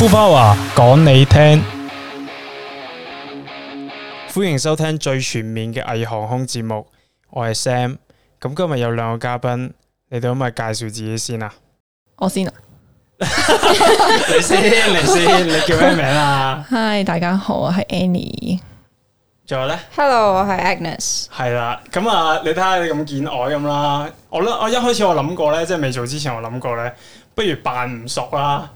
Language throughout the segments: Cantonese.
富爸爸講你聽，歡迎收聽最全面嘅偽航空節目。我係 Sam，咁今日有兩個嘉賓，你哋可唔可以介紹自己先啊？我先啊 你先，你先，你先，你叫咩名啊？Hi，大家好，我係 Annie。仲有咧？Hello，我係 Agnes。係啦，咁啊，你睇下你咁見外咁啦。我諗，我一開始我諗過咧，即係未做之前我諗過咧，不如扮唔熟啦、啊。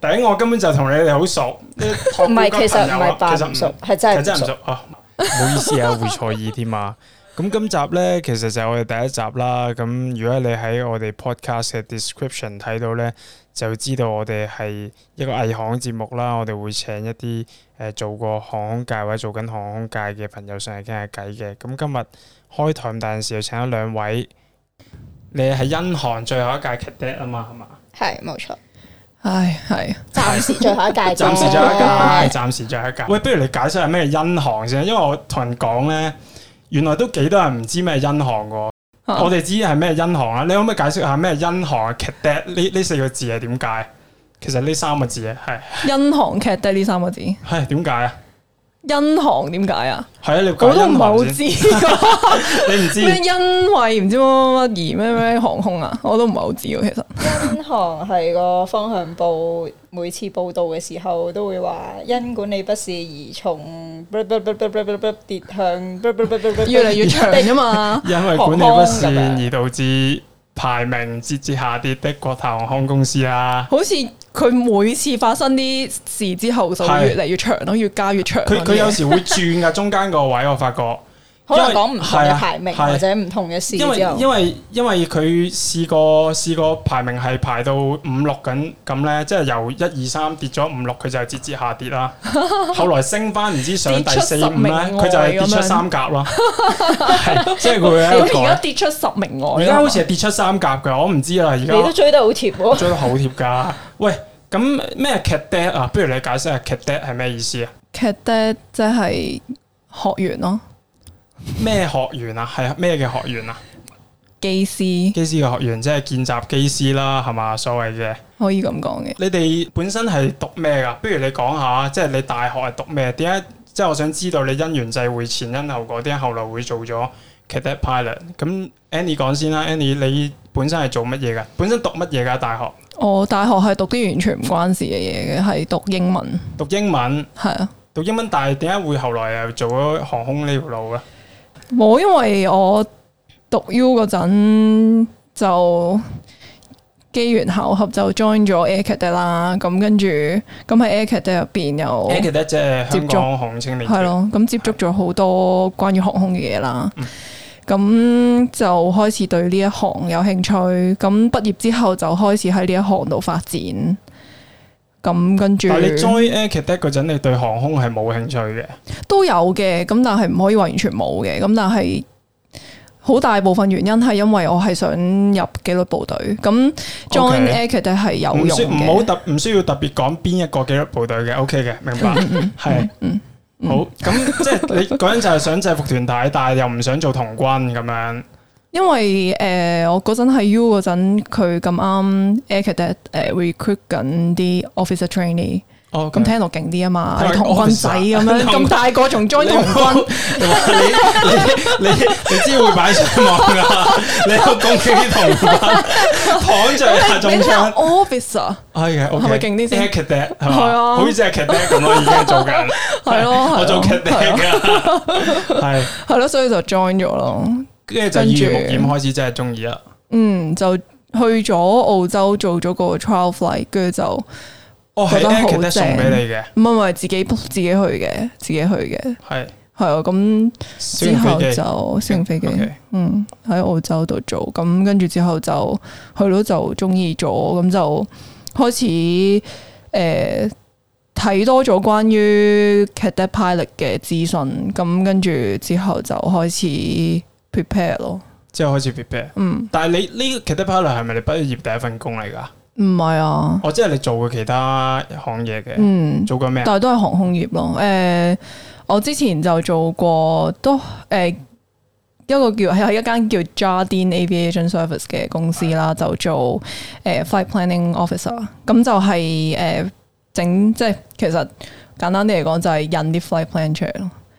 但我根本就同你哋好熟，唔係， 其實唔係熟，係真係唔熟啊。唔好意思啊， 會錯意添啊。咁今集呢，其實就係我哋第一集啦。咁如果你喺我哋 podcast 嘅 description 睇到呢，就知道我哋係一個航行節目啦。我哋會請一啲誒、呃、做過航空界或者做緊航空界嘅朋友上嚟傾下偈嘅。咁今日開台咁大陣時，就請咗兩位。你係英航最後一屆 cadet 啊嘛，係嘛？係，冇錯。唉，係，暫時最後一屆，暫時最後一屆，暫時最後一屆。喂，不如你解釋下咩音行先，因為我同人講咧，原來都幾多人唔知咩音行嘅。嗯，我哋知係咩音行啊？你可唔可以解釋下咩音行？劇 d e 呢呢四個字係點解？其實呢三個字咧係音行劇 d 呢三個字係點解啊？因航點解啊？係啊，你我都唔係好知。 你唔知咩，因為唔知乜乜乜而咩咩航空啊？我都唔係好知其實。因航係個方向報，每次報道嘅時候都會話因管理不善而從跌向，跌向越嚟越長啊嘛。因為，因為管理不善而導致排名節節下跌的國泰航空公司啊，好似。佢每次發生啲事之後，就越嚟越長咯，越加越長。佢佢有時會轉噶， 中間個位我發覺。可能因為講唔同嘅排名或者唔同嘅事因，因為因為因為佢試過試過排名係排到五六緊咁，咧，即係、就是、由一二三跌咗五六，佢就係節節下跌啦。後來升翻唔知上第四五咧，佢就係跌出三甲咯。即係佢而家跌出十名外，而家好似係跌出三甲噶我唔知啦。而家你都追得好貼，追得好貼噶。喂，咁咩 cadet 啊？嗯、不如你解釋下 cadet 係咩意思啊？cadet 即係學員咯。咩學員啊？係咩嘅學員啊？機師，機師嘅學員即係見習機師啦，係嘛？所謂嘅，可以咁講嘅。你哋本身係讀咩噶？不如你講下，即係你大學係讀咩？點解？即係我想知道你因緣際會前因後果點解後來會做咗 cadet pilot。咁 Annie 講先啦，Annie 你本身係做乜嘢噶？本身讀乜嘢噶？大學？我，哦，大學係讀啲完全唔關事嘅嘢嘅，係讀英文。讀英文係啊，讀英文，啊，英文，但係點解會後來又做咗航空呢條路咧？冇，因為我讀 U 嗰陣就機緣巧合就 join 咗 Air Cadet 啦，咁跟住咁喺 Air Cadet 入邊又即係香港航空青年團係咯，咁接觸咗好多關於航空嘅嘢啦，咁的就開始對呢一行有興趣，咁畢業之後就開始喺呢一行度發展。咁跟住，但係你 join Air Cadet 嗰陣，你對航空係冇興趣嘅，都有嘅。咁但係唔可以話完全冇嘅。咁但係好大部分原因係因為我係想入紀律部隊。咁 join Air Cadet 係有用嘅，唔好特唔需要特別講邊一個紀律部隊嘅。OK 嘅，明白。係，好。咁即係你嗰陣就係想制服團體，但係又唔想做童軍咁樣。因為誒，我嗰陣係 U 嗰陣，佢咁啱 Acadet 誒，recruit 緊啲 Officer Trainee，咁聽落勁啲啊嘛，童軍仔咁樣，咁同大個仲 join 童軍，你你你你知會擺上網噶，你嗰啲童軍躺着也中槍。Officer 係係咪勁啲先？Acadet 係嘛，好似 Acadet 咁咯，而家做緊。係咯，我做 Acadet 啊，係係咯，所以就 join 咗咯。跟住就耳目染開始，真係中意啦。嗯，就去咗澳洲做咗個 trial flight，跟住就哦，係送俾你嘅，唔係唔係自己自己去嘅，自己去嘅，係係啊。咁之是後就乘飛，飛機，嗯，喺澳洲度做。咁跟住之後就去到就中意咗，咁就開始誒睇多咗關於 cadet pilot 嘅資訊。咁跟住之後就開始。呃 prepare 咯，即係開始 prepare。嗯，但係你呢、這個其他 part 係咪你畢業第一份工嚟噶？唔係啊，我即係你做過其他行業嘅，嗯，做過咩？但係都係航空業咯。誒、呃，我之前就做過，都、呃、誒一個叫喺一間叫 Jardine Aviation Service 嘅公司啦，嗯、就做誒、呃、flight planning officer，咁、嗯、就係、是、誒、呃、整即係其實簡單啲嚟講就係印啲 flight plan 出嚟咯。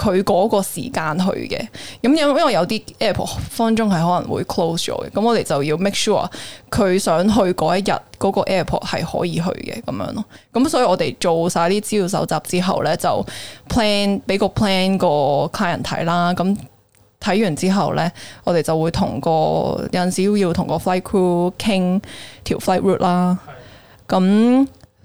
佢嗰個時間去嘅，咁因因為有啲 airport 方中係可能會 close 咗嘅，咁我哋就要 make sure 佢想去嗰一日嗰個 airport 係可以去嘅咁樣咯。咁所以我哋做晒啲資料搜集之後咧，就 plan 俾個 plan 個 client 睇啦。咁睇完之後咧，我哋就會同個有陣時要同個 flight crew 傾條 flight route 啦。咁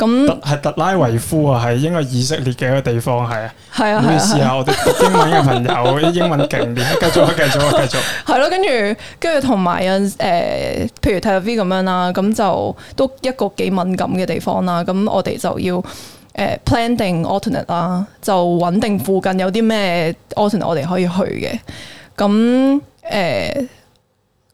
咁，係特拉維夫啊，係應該以色列嘅一個地方，係啊，唔好意思啊，去試下我哋英文嘅朋友啲英文勁啲，繼續啊，繼續啊，繼續。係咯，跟住，跟住同埋啊，誒、呃，譬如 Tel Aviv 咁樣啦，咁就都一個幾敏感嘅地方啦，咁我哋就要誒 planning alternate 啦，就搵定附近有啲咩 alternate 我哋可以去嘅，咁誒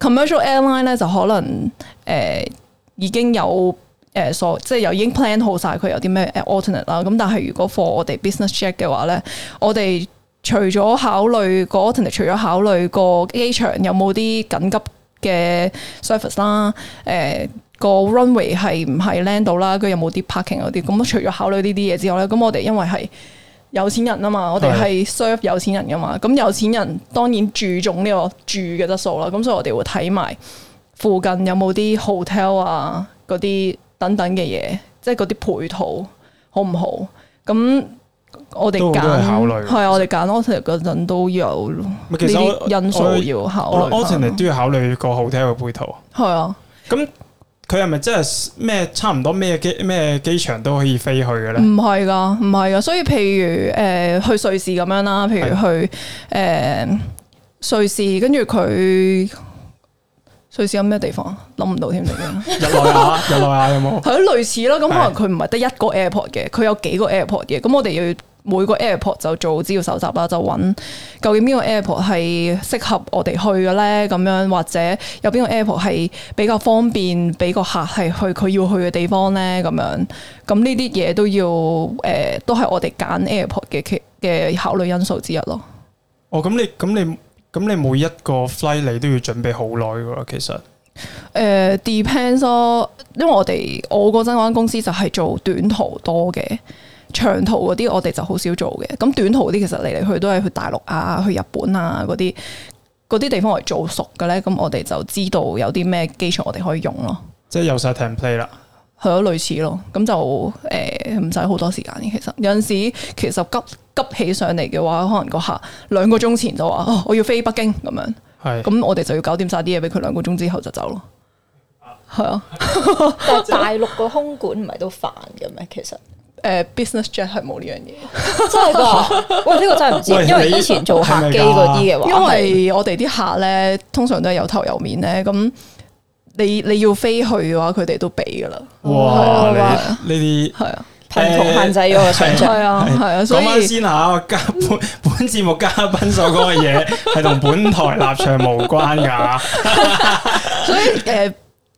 commercial airline 咧就可能誒、呃、已經有。誒所即係又已經 plan 好晒佢有啲咩 alternate 啦。咁、啊、但係如果 for 我哋 business jet 嘅話咧，我哋除咗考慮、個 alternate 除咗考慮個機場有冇啲緊急嘅 service 啦，誒、呃、個 runway 係唔係 land 到啦，佢有冇啲 parking 嗰啲。咁除咗考慮呢啲嘢之外咧，咁我哋因為係有錢人啊嘛，我哋係 serve 有錢人噶嘛。咁是的 有錢人當然注重呢個住嘅質素啦。咁所以我哋會睇埋附近有冇啲 hotel 啊嗰啲。等等嘅嘢，即係嗰啲配套好唔好？咁我哋都都考慮，係啊，我哋揀 alternative 嗰陣都有。咪其實因素我要考慮 alternative 都要考慮個好聽嘅配套。係啊，咁佢係咪真係咩差唔多咩機咩機場都可以飛去嘅咧？唔係噶，唔係噶，所以譬如誒、呃、去瑞士咁樣啦，譬如去誒的、呃、瑞士，跟住佢。瑞士有咩地方？諗唔到添嚟嘅。日 內啊！日內啊！有冇？係咯，類似啦。咁可能佢唔係得一個 airport 嘅，佢有幾個 airport 嘅。咁我哋要每個 airport 就做資料搜集啦，就揾究竟邊個 airport 係適合我哋去嘅咧？咁樣或者有邊個 airport 係比較方便俾個客係去佢要去嘅地方咧？咁樣咁呢啲嘢都要誒、呃，都係我哋揀 airport 嘅嘅考慮因素之一咯。哦，咁你咁你。咁你每一個 fly 你都要準備好耐噶啦，其實誒、uh, depends 咯，因為我哋我嗰陣間公司就係做短途多嘅，長途嗰啲我哋就好少做嘅。咁短途嗰啲其實嚟嚟去去都係去大陸啊，去日本啊嗰啲嗰啲地方我哋做熟嘅咧，咁我哋就知道有啲咩機場我哋可以用咯，即係有晒 template 啦。係咯， 類似咯，咁就誒唔使好多時間嘅。其實有陣時其實急急起上嚟嘅話，可能個客兩個鐘前就話，哦，我要飛北京咁樣，咁的我哋就要搞掂晒啲嘢俾佢，兩個鐘之後就走咯。係啊的， 但大陸個空管唔係都煩嘅咩？其實誒、呃，business jet 係冇呢樣嘢，真係噶。喂，呢個真係唔知， 因為之前做客機嗰啲嘅話，因為我哋啲客咧通常都係有頭有面咧，咁。你你要飛去嘅話，佢哋都俾噶啦。哇！呢啲係啊，貧窮限制嘅想象。係啊，係啊。講翻、啊啊、先吓，嘉本本節目嘉賓所講嘅嘢係同本台立場無關噶。 所以，誒、呃、誒、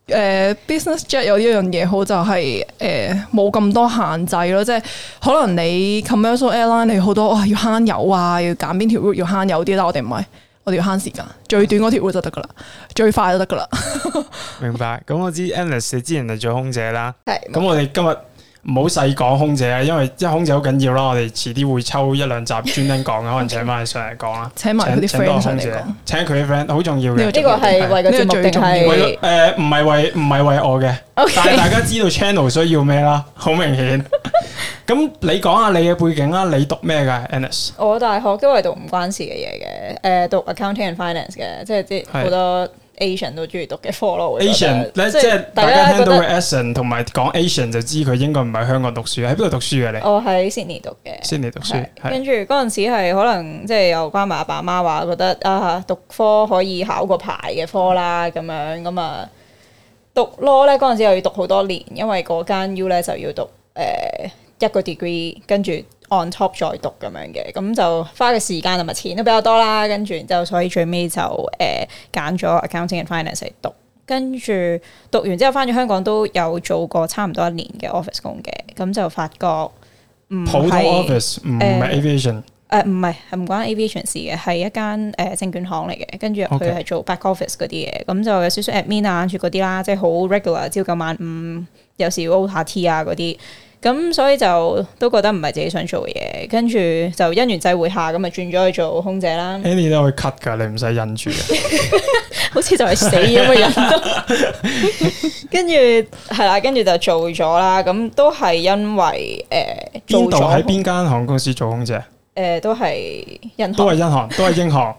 呃、，business jet 有呢一樣嘢好，就係誒冇咁多限制咯。即係可能你 commercial airline 你好多、哦、要慳油啊，要揀邊條 route 要慳油啲啦，我哋唔係。我哋要慳時間，最短嗰條路就得噶啦，最快就得噶啦。 明白？咁、嗯、我知 Alice 之前係做空姐啦，係是。咁、嗯、我哋今日。唔好細講空姐啊，因為即係空姐好緊要啦，我哋遲啲會抽一兩集專登講，可能請埋上嚟講啦，請埋佢啲 friend 講， 請佢啲 friend，好重要嘅呢個係為個目呢個最重要的係是，誒唔係為唔係、呃、為,為我嘅， 但係大家知道 channel 需要咩啦，好明顯。咁 你講下你嘅背景啦，你讀咩噶？n s 我大學都係讀唔關事嘅嘢嘅，誒讀 accounting and finance 嘅，即係啲好多。Asian 都中意讀嘅科咯，Asian 咧即係大，大家聽到個 Asian 同埋講 Asian 就知佢應該唔喺香港讀書喺邊度讀書嘅咧？我喺 Sydney 讀嘅，Sydney 讀書，讀跟住嗰陣時係可能即係有關埋阿爸阿媽話，覺得啊讀科可以考個牌嘅科啦，咁樣咁啊讀 law 咧，嗰陣時又要讀好多年，因為嗰間 U 咧就要讀誒一個 degree，跟住。On top 再讀咁樣嘅，咁就花嘅時間同埋錢都比較多啦，跟住然之後，所以最尾就誒揀、呃、咗 accounting and finance 嚟讀，跟住讀完之後返咗香港都有做過差唔多一年嘅 office 工嘅，咁就發覺唔係 office 唔係 aviation，誒唔係係唔關 aviation 事嘅，係一間誒、呃、證券行嚟嘅，跟住佢去係做 back office 嗰啲嘢，咁 Okay. 就有少少 admin 啊跟住嗰啲啦，即係好 regular，朝九晚五、嗯，有時要 O 下 T 啊嗰啲。咁所以就都覺得唔係自己想做嘢，跟住就因緣際會下咁啊，轉咗去做空姐啦。Andy 都可以 cut 噶，你唔使忍住，好似就係死咁嘅忍。跟住係啦，跟住就做咗啦。咁都係因為誒，邊度喺邊間航空公司做空姐？誒、呃，都係，都係英航，都係英航。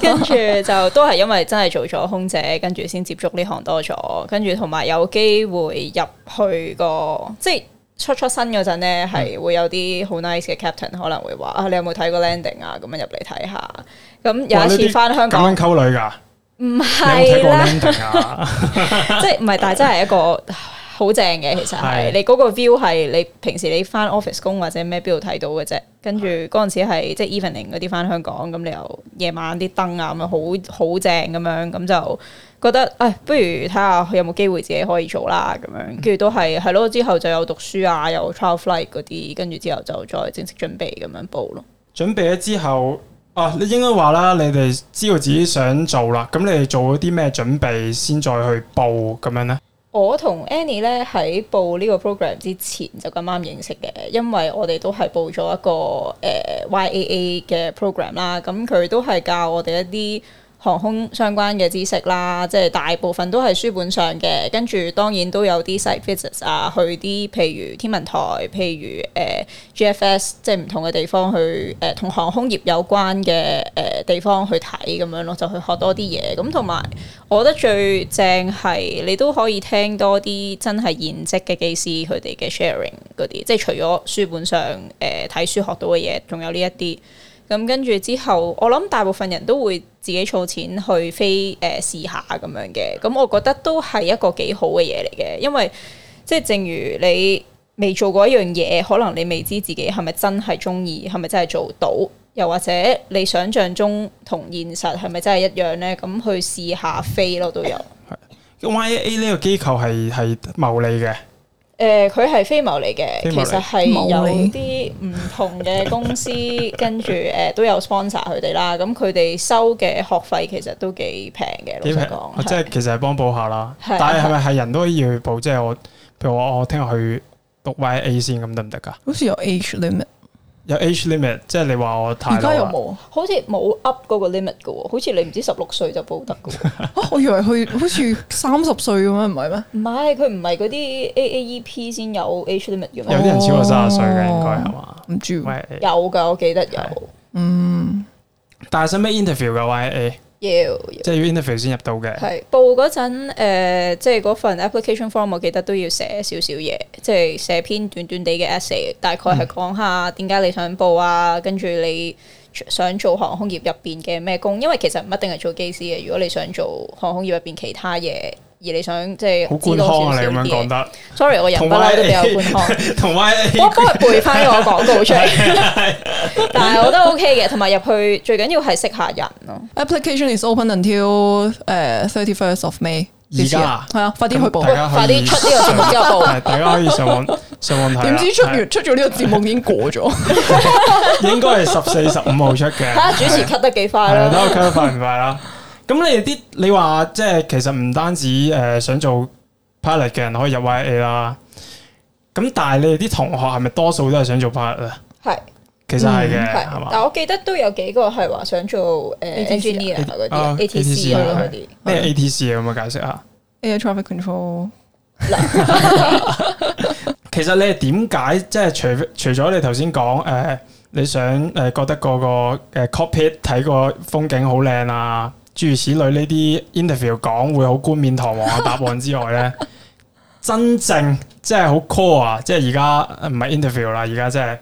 跟住就都係因為真係做咗空姐，跟住先接觸呢行多咗，跟住同埋有機會入去個即係。就是出出身嗰陣咧，係會有啲好 nice 嘅 captain 可能會話：啊，你有冇睇過 landing 啊？咁樣入嚟睇下。咁有一次翻香港溝女㗎，唔係是啦，有有、啊， 即係唔係？但係真係一個好正嘅，其實係是的 你嗰個 view 係你平時你翻 office 工或者咩邊度睇到嘅啫。跟住嗰陣時係即係 evening 嗰啲翻香港，咁你又夜晚啲燈啊咁啊，好好正咁樣，咁就。覺得誒，不如睇下有冇機會自己可以做啦，咁樣，跟住都係係咯。之後就有讀書啊，有 trial flight 嗰啲，跟住之後就再正式準備咁樣報咯。準備咗之後啊，你應該話啦，你哋知道自己想做啦，咁你哋做咗啲咩準備先再去報咁樣呢？我同 Annie 咧喺報呢個 program 之前就咁啱認識嘅，因為我哋都係報咗一個誒、呃、YAA 嘅 program 啦，咁佢都係教我哋一啲。航空相關嘅知識啦，即係大部分都係書本上嘅，跟住當然都有啲 site visits 啊，去啲譬如天文台，譬如誒、呃、GFS，即係唔同嘅地方去誒，同、呃、航空業有關嘅誒、呃、地方去睇咁樣咯，就去學多啲嘢。咁同埋我覺得最正係你都可以聽多啲真係現職嘅機師佢哋嘅 sharing 嗰啲，即係除咗書本上誒睇、呃、書學到嘅嘢，仲有呢一啲。咁跟住之後，我諗大部分人都會自己儲錢去飛誒試下咁樣嘅。咁我覺得都係一個幾好嘅嘢嚟嘅，因為即係正如你未做過一樣嘢，可能你未知自己係咪真係中意，係咪真係做到，又或者你想象中同現實係咪真係一樣呢，咁去試下飛咯，都有。咁 Y A 呢個機構係係牟利嘅。誒佢係非牟利嘅，其實係有啲唔同嘅公司 跟住誒、呃、都有 sponsor 佢哋啦，咁佢哋收嘅學費其實都幾平嘅，老實講。即係其實係幫補下啦，的但係係咪係人都可以去補？即係的我譬如話我聽日去讀 Y A 先，咁得唔得㗎？好似有 age limit 有 age limit，即係你話我太老啊？而家有冇？好似冇 up 嗰個 limit 噶喎，好似你唔知十六歲就報得噶喎。啊，我以為佢好似三十歲咁樣，唔係咩？唔係， 佢唔係嗰啲 A A E P 先有 age limit 嘅。哦。有啲人超過三十歲嘅應該係嘛？唔知有噶，我記得有。嗯，但係使咩 interview 噶 Y A？要，要即係要 interview 先入到嘅。係報嗰陣誒，即係嗰份 application form，我記得都要寫少少嘢，即係寫篇短短哋嘅 essay，大概係講下點解你想報啊，跟住你想做航空業入邊嘅咩工，因為其實唔一定係做機師嘅。如果你想做航空業入邊其他嘢。而你想即係好官腔啊！你咁樣講得，sorry，我人不嬲都比較官腔。同埋，我幫佢背翻個廣告出嚟，但係我都 OK 嘅。同埋入去最緊要係識下人咯。Application is open until 誒 thirty first of May。而家係啊，快啲去報，快啲出呢個節目之後報。大家可以上網上網睇。點知出完出咗呢個節目已經過咗，應該係十四十五號出嘅。睇下主持 cut 得幾快啦？睇下 cut 得快唔快啦？咁你哋啲，你話即係其實唔單止誒想做 pilot 嘅人可以入 Y A 啦。咁但係你哋啲同學係咪多數都係想做 pilot 啊？係，其實係嘅，係嘛？但我記得都有幾個係話想做誒 engineer 嗰啲 A T C 嗰啲咩 A T C 啊？有冇解釋下 Air Traffic Control 嗱？其實你係點解即係除除咗你頭先講誒，你想誒覺得個個誒 Cockpit 睇個風景好靚啊？諸如此類呢啲 interview 講會好冠冕堂皇嘅答案之外咧， 真正即係好 core 啊！即係而家唔係 interview 啦，而家即係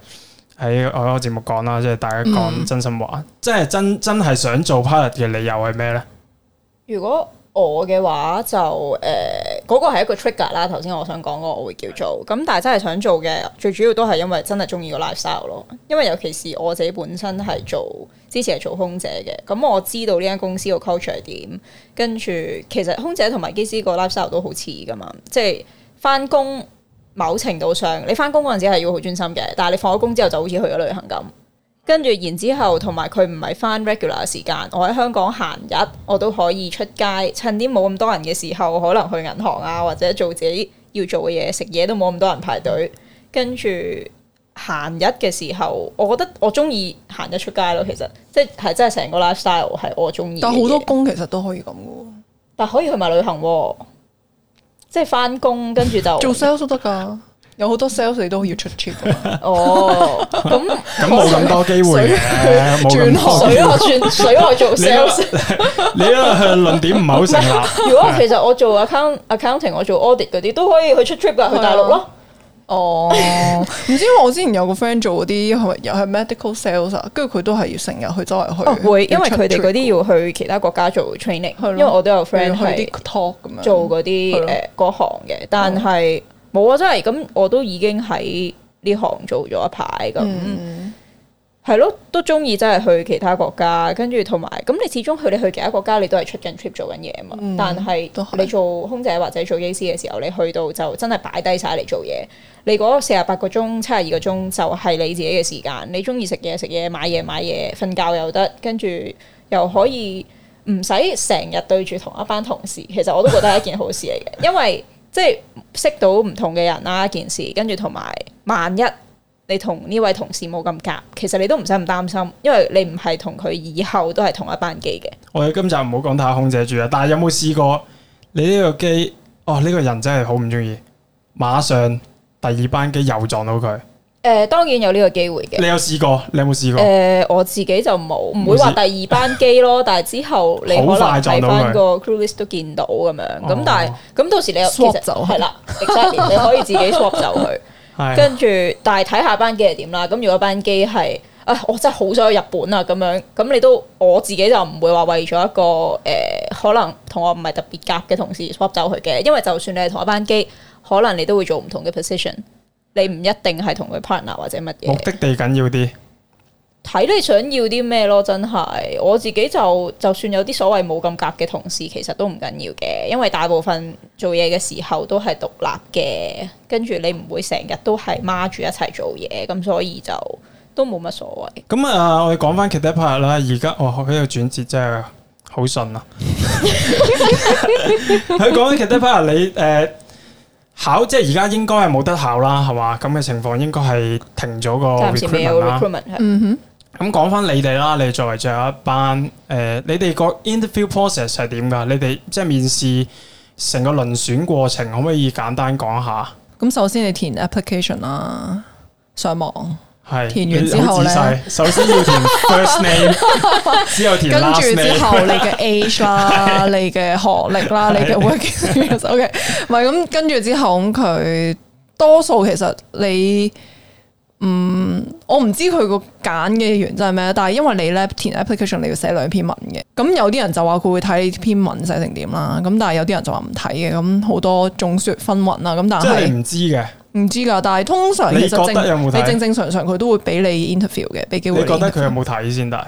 喺我個節目講啦，即係大家講真心話，嗯、即係真真係想做 pilot 嘅理由係咩咧？如果我嘅話就誒。欸嗰個係一個 trigger 啦，頭先我想講嗰個我會叫做咁，但係真係想做嘅，最主要都係因為真係鍾意個 lifestyle 囉。因為尤其是我自己本身係做之前係做空姐嘅，咁我知道呢間公司個 culture 係點。跟住其實空姐同埋機師個 lifestyle 都好似㗎嘛，即係返工某程度上，你返工嗰陣時係要好專心嘅，但係你放咗工之後就好似去咗旅行咁。跟住然之後，同埋佢唔係翻 regular 嘅時間，我喺香港閒日，我都可以出街，趁啲冇咁多人嘅時候，可能去銀行啊，或者做自己要做嘅嘢，食嘢都冇咁多人排隊。跟住閒日嘅時候，我覺得我中意閒日出街咯。其實即係真係成個 lifestyle 係我中意。但好多工其實都可以咁噶，但可以去埋旅行，即係翻工跟住就做 sales 都得噶。有好多 sales 你都要出 trip 噶，哦，咁咁冇咁多機會嘅，轉行水我轉水我做 sales，你啊論點唔係好成立。如果其實我做 account accounting，我做 audit 嗰啲都可以去出 trip 噶，去大陸咯。哦，唔知我之前有個 friend 做嗰啲係咪又係 medical sales 啊？跟住佢都係要成日去周圍去。哦，會，因為佢哋嗰啲要去其他國家做 training，因為我都有 friend 去 talk 咁樣做嗰啲誒嗰行嘅，但係。冇啊，真係咁，我都已經喺呢行做咗一排咁，係咯，嗯，都中意真係去其他國家，跟住同埋咁，你始終去你去其他國家，你都係出緊 trip 做緊嘢啊嘛。但係你做空姐或者做機師嘅時候，你去到就真係擺低晒嚟做嘢。你嗰四十八個鐘、七十二個鐘就係你自己嘅時間，你中意食嘢食嘢、買嘢買嘢、瞓覺又得，跟住又可以唔使成日對住同一班同事。其實我都覺得係一件好事嚟嘅， 因為。即係識到唔同嘅人啦，件事跟住同埋，萬一你同呢位同事冇咁夾，其實你都唔使咁擔心，因為你唔係同佢以後都係同一班機嘅。我哋今集唔好講太空姐住啦，但係有冇試過你呢個機？哦，呢個人真係好唔鍾意，馬上第二班機又撞到佢。誒、呃，當然有呢個機會嘅。你有試過？你有冇試過？誒、呃，我自己就冇，唔是會話第二班機咯。 但係之後你可能睇返個 crew list 都見到咁樣。咁 但係咁到時你又，哦、其係實啦、啊，你可以自己 swap 走佢。跟住， 但係睇下班機係點啦。咁如果班機係啊，我真係好想去日本啊！咁樣咁，你都我自己就唔會話為咗一個誒、呃，可能同我唔係特別夾嘅同事 swap 走佢嘅。因為就算你係同一班機，可能你都會做唔同嘅 position。你唔一定係同佢 partner 或者乜嘢目的地緊要啲，睇你想要啲咩咯，真係我自己就就算有啲所謂冇咁夾嘅同事，其實都唔緊要嘅，因為大部分做嘢嘅時候都係獨立嘅，跟住你唔會成日都係孖住一齊做嘢，咁所以就都冇乜所謂。咁啊，我哋講翻其他 partner 啦，而家哇，佢個轉折真係好順啊！佢講其他 partner 你誒。Uh, 考即係而家應該係冇得考啦，係嘛？咁嘅情況應該係停咗個 recruitment 啦。暫時沒有 recruitment 係。嗯哼。咁講翻你哋啦，你作為最後一班，誒、呃，你哋個 interview process 係點噶？你哋即係面試成個輪選過程，可唔可以簡單講下？咁首先你填 application 啦，上網。填完之後咧， 首先要填 first name， 之後填 last name，跟住 之後你嘅 age 啦， 你嘅學歷啦，你嘅 work OK，唔係咁。跟住之後咁佢多數其實你唔，嗯，我唔知佢個揀嘅原則係咩，但係因為你咧填 application 你要寫兩篇文嘅，咁有啲人就話佢會睇你篇文寫成點啦，咁但係有啲人就話唔睇嘅，咁好多眾說紛紜啦，咁但係係唔知嘅。唔知噶，但係通常你覺得你正正常常佢都會俾你 interview 嘅，俾機會。你覺得佢有冇睇先？但係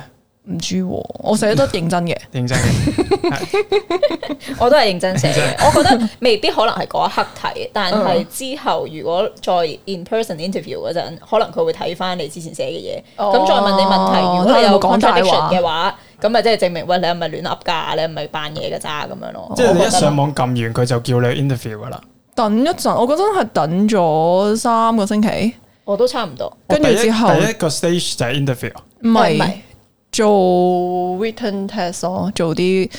唔知，我寫得認真嘅，認真。我都係認真寫。我覺得未必可能係嗰一刻睇，但係之後如果再 in person interview 嗰陣，可能佢會睇翻你之前寫嘅嘢。哦，咁再問你問題，如果係冇講大話嘅話，咁咪即係證明喂，你係咪亂噏架？你係咪扮嘢嘅咋咁樣咯。即係你一上網撳完，佢就叫你 interview 噶啦。等一陣，我嗰陣係等咗三個星期，我都差唔多。跟住之後第，第一個 stage 就係 interview，唔係係、嗯、做 written test 咯，做啲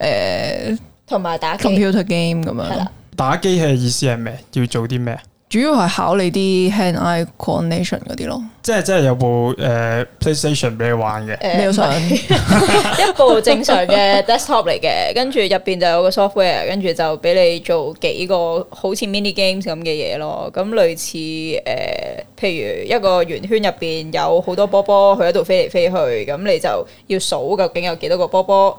誒同埋打 computer game 咁樣。係啦，打機嘅意思係咩？要做啲咩？主要係考你啲 hand eye coordination 嗰啲咯，即係即係有部誒、呃、PlayStation 俾你玩嘅，冇、呃、一部正常嘅 desktop 嚟嘅，跟住入邊就有個 software，跟住就俾你做幾個好似 mini games 咁嘅嘢咯，咁類似誒、呃，譬如一個圓圈入邊有好多波波，佢喺度飛嚟飛去，咁你就要數究竟有幾多個波波。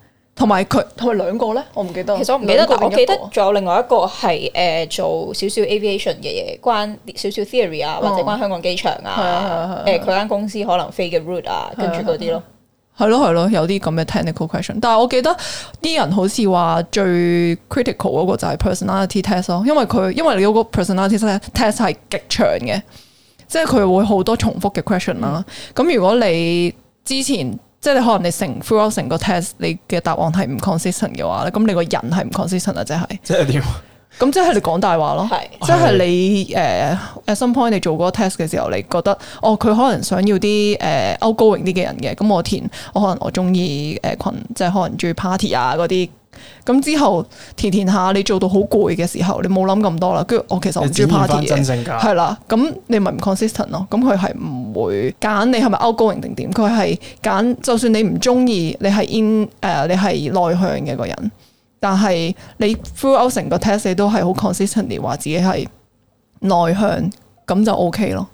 同埋佢同埋兩個咧，我唔記得。其實我唔記得，但我記得仲有另外一個係誒、嗯、做少少 aviation 嘅嘢，關少少 theory 啊，或者關香港機場啊，誒佢間公司可能飛嘅 route 啊的，跟住嗰啲咯。係咯係咯，有啲咁嘅 technical question。但係我記得啲人好似話最 critical 嗰個就係 personality test 咯，因為佢因為你嗰個 personality test 係極長嘅，即係佢會好多重複嘅 question 啦、嗯。咁如果你之前。即係你可能你成 full 成個 test 你嘅答案係唔 consistent 嘅話咧，咁你個人係唔 consistent 啊？即係即係點？咁 即係你講大話咯。係即係你誒，at some point 你做嗰個 test 嘅時候，你覺得哦，佢可能想要啲誒、uh, outgoing 啲嘅人嘅，咁我填我可能我中意誒群，即係可能中意 party 啊嗰啲。咁之後填填下，你做到好攰嘅時候，你冇諗咁多啦。跟住我其實我唔中意 party 嘅，係啦。咁你咪唔 consistent 咯。咁佢係唔會揀你係咪 outgoing 定點？佢係揀就算你唔中意，你係 in 誒，uh, 你係內向嘅個人。但係你 full out 成個 test，你都係好 consistent 地話自己係內向，咁就 OK 咯。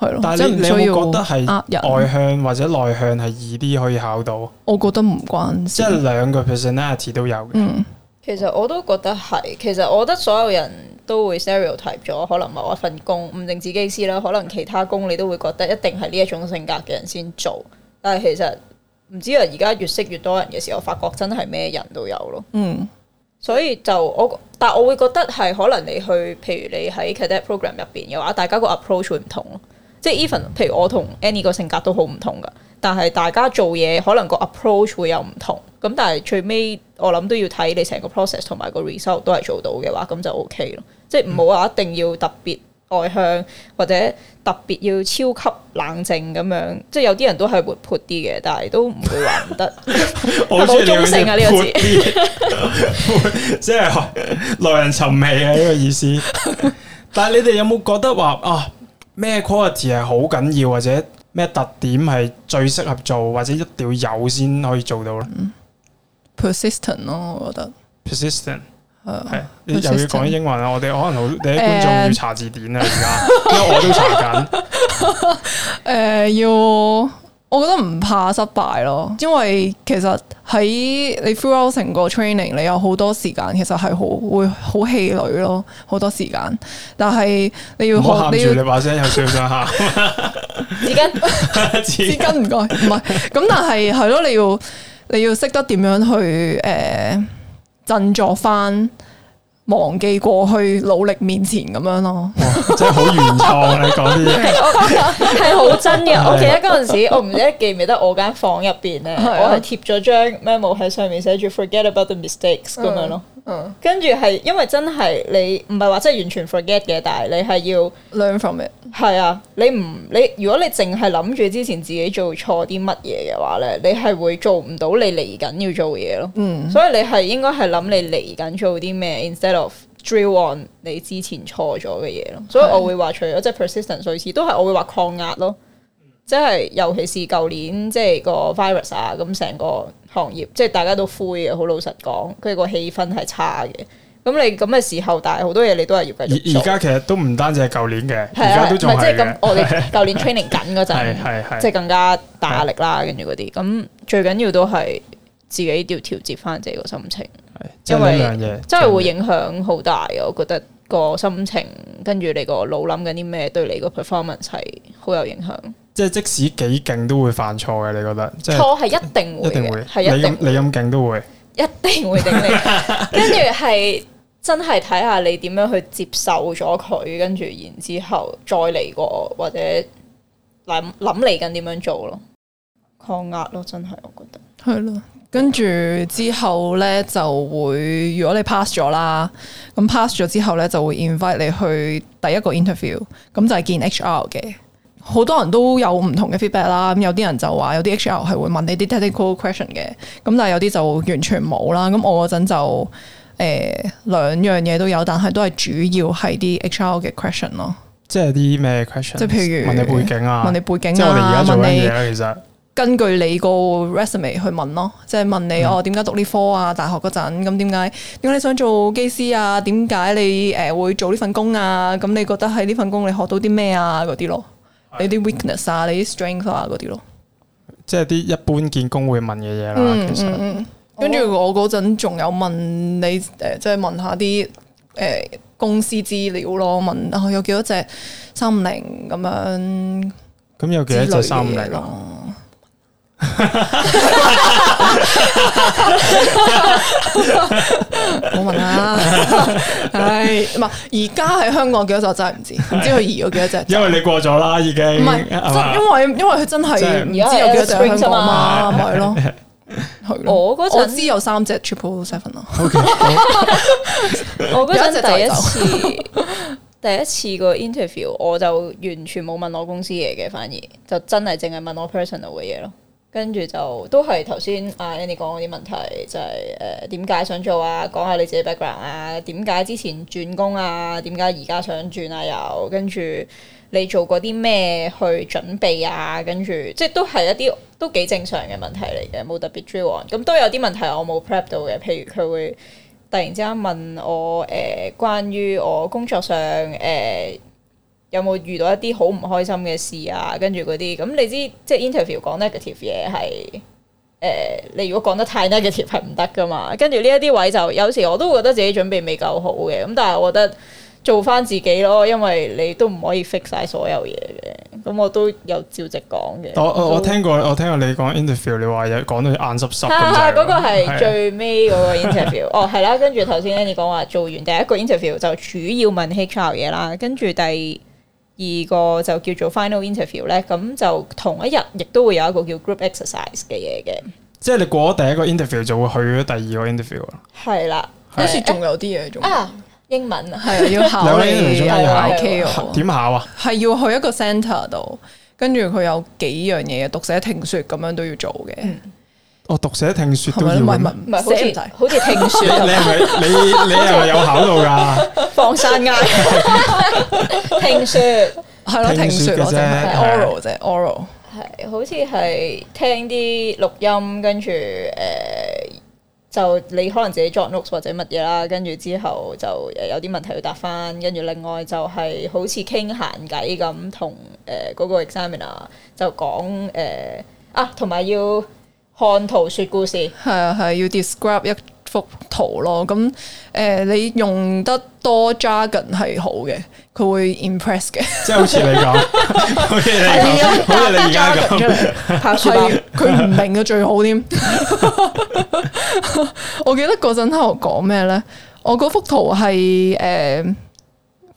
係咯，但係你唔覺得係外向或者內向係易啲可以考到？我覺得唔關事，即係兩個 personality 都有嘅。嗯，其實我都覺得係，其實我覺得所有人都會 stereotype 咗，可能某一份工，唔定自己思啦，可能其他工你都會覺得一定係呢一種性格嘅人先做。但係其實唔知啊，而家越識越多人嘅時候，發覺真係咩人都有咯。嗯，所以就我，但我會覺得係可能你去，譬如你喺 cadet program 入邊嘅話，大家個 approach 會唔同咯。即係 even，譬如我同 Annie 個性格都好唔同噶，但係大家做嘢可能個 approach 會有唔同，咁但係最尾我諗都要睇你成個 process 同埋個 result 都係做到嘅話，咁就 OK 咯。即係唔好話一定要特別外向或者特別要超級冷靜咁樣，即係有啲人都係活潑啲嘅，但係都唔會話唔得。好中性啊呢個字， 即係耐人尋味啊呢個意思。但係你哋有冇覺得話啊？咩 quality 係好緊要，或者咩特點係最適合做，或者一定要有先可以做到咧？Persistent 咯，嗯、Persistent, 我覺得 persistent 係又要講英文啦，我哋可能好你啲觀眾要查字典啊，而家、uh, 因為我都查緊誒要。 uh, 我覺得唔怕失敗咯，因為其實喺你 full 成個 training，你有好多時間，其實係好會好氣餒咯，好多時間。但係你要學，你把聲又笑又喊，紙巾，紙 巾唔該，唔係。咁 但係係咯，你要你要識得點樣去誒、呃、振作翻。忘記過去，努力面前咁樣咯，即係好原創，你講啲嘢係好真嘅。我記得嗰陣時，我唔記得記唔記得我間房入邊咧， 我係貼咗張 memo 喺上面寫，寫住 forget about the mistakes 咁樣咯。 嗯，跟住係，因為真係你唔係話真係完全 forget 嘅，但係你係要 learn from it。係啊，你唔你，如果你淨係諗住之前自己做錯啲乜嘢嘅話咧，你係會做唔到你嚟緊要做嘅嘢咯。嗯，所以你係應該係諗你嚟緊做啲咩，instead of drill on 你之前錯咗嘅嘢咯。嗯，所以我會話除咗即係 persistent，類似都係我會話抗壓咯。即係尤其是舊年，即係個 virus 啊，咁成個行業，即係大家都灰嘅，好老實講，佢個氣氛係差嘅。咁你咁嘅時候，但係好多嘢你都係要繼續做。而家其實都唔單止係舊年嘅，係啊的，唔係即係咁。我哋舊年 training 緊嗰陣，即係 更加大壓力啦，跟住嗰啲。咁最緊要都係自己要調節翻自己個心情，因為真係會影響好大嘅。我覺得個心情，跟住你個腦諗緊啲咩，對你個 performance 係好有影響。即係即使幾勁都會犯錯嘅，你覺得？錯係一定會，一定會，定會你咁你咁勁都會，一定會頂你。跟住係真係睇下你點樣去接受咗佢，跟住然之後再嚟過或者諗諗嚟緊點樣做咯，抗壓咯，真係我覺得係咯。跟住之後咧就會，如果你 pass 咗啦，咁 pass 咗之後咧就會 invite 你去第一個 interview，咁就係、是、見 HR 嘅。好多人都有唔同嘅 feedback 啦，咁有啲人就話有啲 HR 係會問你啲 technical question 嘅，咁但係有啲就完全冇啦。咁我嗰陣就誒兩、呃、樣嘢都有，但係都係主要係啲 HR 嘅 question 咯。即係啲咩 question？即係譬如問你背景啊，問你背景啊，即我哋而家問你其實根據你個 resume 去問咯，即係問你哦，點解讀呢科啊？大學嗰陣咁點解？點解你想做機師啊？點解你誒會做呢份工啊？咁你覺得喺呢份工你學到啲咩啊？嗰啲咯。你啲 weakness 啊，你啲 strength 啊，嗰啲咯，即係啲一般見工會問嘅嘢啦。其實嗯嗯。跟住、嗯嗯、我嗰陣仲有問你，誒、呃，即係問下啲誒、呃、公司資料咯，問啊有幾多隻三五零咁樣。咁有幾多隻三五零啊？冇 問啦，唉，唔係而家喺香港幾多隻我真係唔知，唔知佢移咗幾多隻。 因為你過咗啦，已經唔係是因為吧因為佢真係唔知有幾多隻香港嘛啊，咪係咯，係咯。我嗰陣知有三隻 Triple Seven 啦。Okay, 我嗰陣第一次第一次個 interview， 我就完全冇問我公司嘢嘅，反而就真係淨係問我 personal 嘅嘢咯。跟住就都係頭先阿 Annie 講嗰啲問題，就係誒點解想做啊？講下你自己 background 啊？點解之前轉工啊？點解而家想轉啊？又跟住你做過啲咩去準備啊？跟住即係都係一啲都幾正常嘅問題嚟嘅，冇特別 drill on。咁、嗯、都有啲問題我冇 prep 到嘅，譬如佢會突然之間問我誒、呃、關於我工作上誒。呃有冇遇到一啲好唔開心嘅事啊？跟住嗰啲咁，你知即係 interview 講 negative 嘢係誒，你如果講得太 negative 係唔得㗎嘛。跟住呢一啲位就有時我都會覺得自己準備未夠好嘅。咁但係我覺得做返自己咯，因為你都唔可以 fix 晒所有嘢嘅。咁我都有照直講嘅。我我聽過，我聽過你講 interview，你話有講到眼濕濕咁。嗰個係最尾嗰個 interview。哦，係啦。跟住頭先咧，你講話做完第一個 interview 就主要問 HR 嘢啦，跟住第。二個就叫做 final interview 咧，咁就同一日亦都會有一個叫 group exercise 嘅嘢嘅。即係你過咗第一個 interview 就會去咗第二個 interview 啦了。係啦是，好似仲有啲嘢做啊，英文係要， 要考，兩個人要考 K 喎。點考啊？係要去一個 center 度，跟住佢有幾樣嘢嘅讀寫聽説咁樣都要做嘅。嗯我讀寫聽説都要，唔係唔係好似好似聽説。你係咪你你係咪有考到㗎？放生嗌，聽説係咯，聽説啫，oral 啫，oral 係好似係聽啲錄音，跟住誒就你可能自己作 notes 或者乜嘢啦，跟住之後就誒有啲問題要答翻，跟住另外就係好似傾閒偈咁，同誒嗰個 examiner 就講誒啊，同、呃、埋要。看圖說故事係啊，係要 describe 一幅圖咯。咁誒、呃，你用得多 jargon 係好嘅，佢會 impress 嘅。即係好似你講，好似你講，好似你而家咁。拍佢唔明嘅最好添。 我記得嗰陣喺度講咩咧？我嗰幅圖係誒、呃、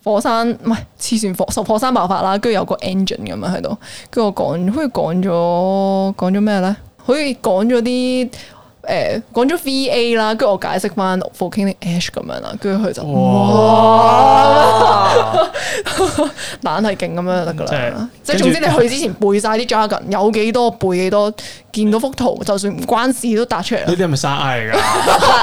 火山，唔係次旋火，火山爆發啦。跟住有個 engine 咁樣喺度。跟住我講，好似講咗講咗咩咧？好似講咗啲誒，講咗 V A 啦，跟住我解釋翻 Forking Ash 咁樣啦，跟住佢就哇，懶係勁咁樣就得噶啦，即係總之你去之前背晒啲 jargon，有幾多背幾多，見到幅圖就算唔關事都答出嚟。呢啲係咪生嗌嚟噶？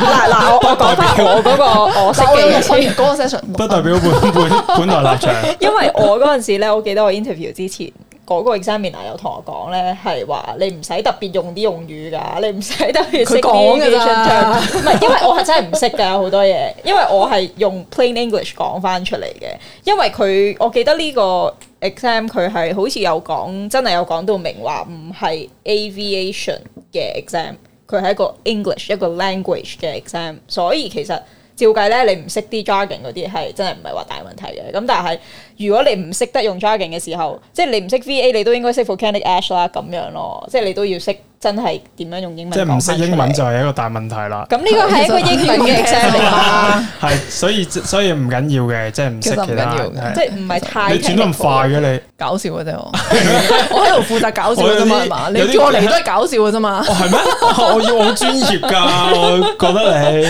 嗱嗱， 我代表我嗰個 我識嘅嗰個 session，不代表本本本內立場。 因為我嗰陣時咧，我記得我 interview 之前。嗰個 examiner 又同我講咧，係話你唔使特別用啲用語噶，你唔使特別識講嘅。唔係，因為我係真係唔識噶好多嘢，因為我係用 plain English 講翻出嚟嘅。因為佢，我記得呢個 exam 佢係好似有講，真係有講到明話唔係 aviation 嘅 exam，佢係一個 English 一個 language 嘅 exam。所以其實照計咧，你唔識啲 jargon 嗰啲係真係唔係話大問題嘅。咁但係。如果你唔識得用 jargon 嘅時候，即係你唔識 V A，你都應該識復 Candy Ash 啦，咁樣咯，即係你都要識真係點樣用英文。即係唔識英文就係一個大問題啦。咁呢個係一個英文嘅聲啦。係，所以所以唔緊要嘅，即係唔識其他。即係唔係太。你轉得咁快嘅你？搞笑嘅啫我，我喺度負責搞笑啫嘛。你過嚟都係搞笑嘅啫嘛。係咩？我要好專業噶，我覺得你。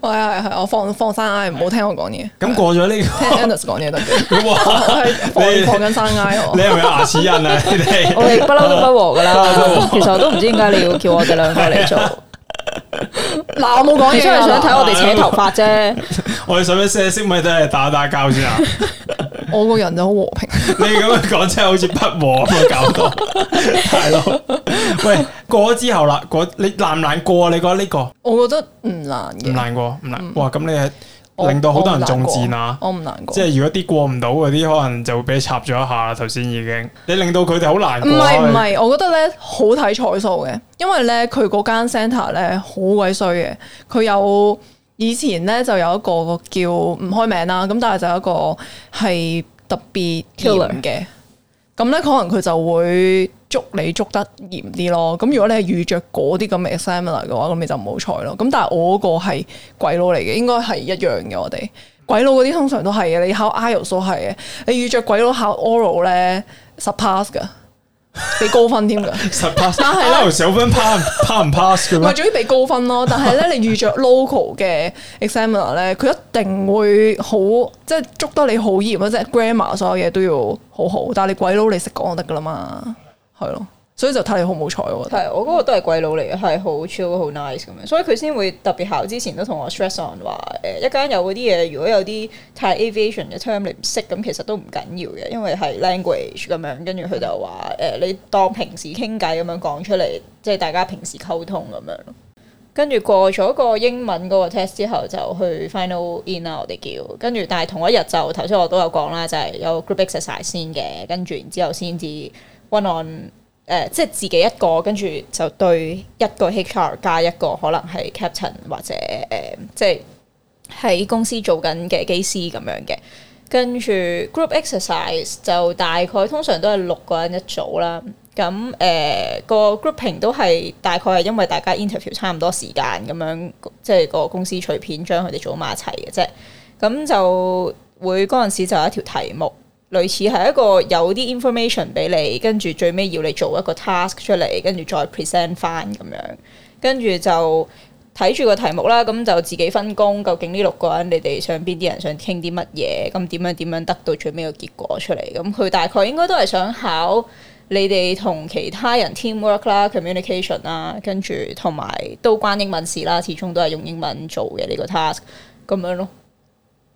係我放放生唔好聽我講嘢。咁過咗呢個。Anus 講呢一堆，你放緊山街哦。你係咪牙齒印啊？我哋不嬲都不和噶啦。其實我都唔知點解你要叫我哋兩個嚟做。嗱，我冇講嘢，我係想睇我哋扯頭髮啫。我哋想咩？先咪都係打打交先啊。我個人就好和平。你咁樣講真係好似不和咁嘅感覺，係咯？喂，過咗之後啦，過你難唔難過啊？你覺得呢個？我覺得唔難嘅，唔難過，唔難。哇，咁你係？令到好多人中箭啊！我唔難過。即係如果啲過唔到嗰啲，可能就俾插咗一下啦。頭先已經你令到佢哋好難過。唔係，唔係，我覺得咧好睇彩數嘅，因為咧佢嗰間 centre 咧好鬼衰嘅。佢有以前咧就有一個叫唔開名啦，咁但係就有一個係特別 talent 嘅。咁咧 Killer. 可能佢就會。捉你捉得嚴啲咯，咁如果你係遇着嗰啲咁嘅 examiner 嘅話，咁你就唔好彩咯。咁但係我嗰個係鬼佬嚟嘅，應該係一樣嘅，我哋鬼佬嗰啲通常都係嘅。你考 IELTS 都係嘅，你遇着鬼佬考 oral 咧，surpass 噶，俾高分添噶。surpass 但係咧少分 pass 唔 pass 嘅咩？咪總之俾高分咯。但係咧你遇着 local 嘅 examiner 咧，佢一定會好，即係捉得你好嚴啊！即係 grammar 所有嘢都要好好，但係你鬼佬你識講就得噶啦嘛。係咯，所以就睇你好唔好彩咯。係，我嗰個都係鬼佬嚟嘅，係好 chill 好 nice 咁樣，所以佢先會特別考之前都同我 stress on 話，誒、呃，一間有嗰啲嘢，如果有啲太 aviation 嘅 term 你唔識，咁其實都唔緊要嘅，因為係 language 咁樣。跟住佢就話，誒、呃，你當平時傾偈咁樣講出嚟，即係大家平時溝通咁樣咯。跟住過咗個英文嗰個 test 之後，就去 final in 啦，我哋叫。跟住但係同一日就頭先我都有講啦，就係、是、有 group exercise 先嘅，跟住然之後先至。one on 誒、呃，即係自己一個，跟住就對一個 HR 加一個可能係 captain 或者誒、呃，即係喺公司做緊嘅機師咁樣嘅。跟住 group exercise 就大概通常都係六個人一組啦。咁誒個、呃、grouping 都係大概係因為大家 interview 差唔多時間咁樣，即係個公司隨便將佢哋組埋一齊嘅啫。咁就會嗰陣時就有一條題目。類似係一個有啲 information 俾你，跟住最尾要你做一個 task 出嚟，跟住再 present 翻咁樣，跟住就睇住個題目啦。咁就自己分工，究竟呢六個人你哋想邊啲人想傾啲乜嘢？咁點樣點樣得到最尾個結果出嚟？咁佢大概應該都係想考你哋同其他人 teamwork 啦，communication 啦，跟住同埋都關英文事啦。始終都係用英文做嘅呢個 task 咁樣咯。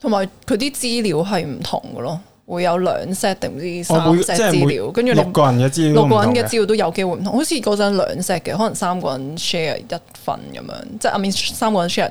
同埋佢啲資料係唔同嘅咯。會有兩 set 定三 set 資料，跟住六個人嘅資料的，六個人嘅資料都有機會唔同。好似嗰陣兩 set 嘅，可能三個人 share 一份咁樣，即我明三個人 share。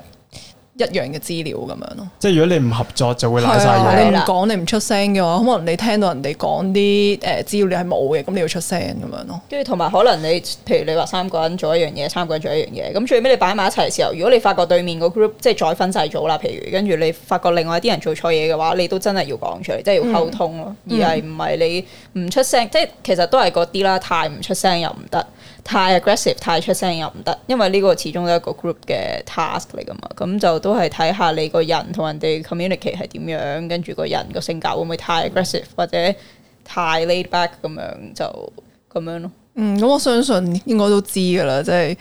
一樣嘅資料咁樣咯，即係如果你唔合作就會賴晒嘢。你唔講你唔出聲嘅話，可能你聽到人哋講啲誒資料你係冇嘅，咁你要出聲咁樣咯。跟住同埋可能你，譬如你話三個人做一樣嘢，三個人做一樣嘢，咁最尾你擺埋一齊嘅時候，如果你發覺對面個 group 即係再分晒組啦，譬如跟住你發覺另外一啲人做錯嘢嘅話，你都真係要講出嚟，即係要溝通咯。嗯、而係唔係你唔出聲，嗯、即係其實都係嗰啲啦，太唔出聲又唔得。太 aggressive，太出聲又唔得，因為呢個始終都係一個 group 嘅 task 嚟噶嘛，咁就都係睇下你個人同人哋 communicate 係點樣，跟住個人個性格會唔會太 aggressive 或者太 laid back 咁樣就咁樣咯。嗯，咁我相信應該都知噶啦，即係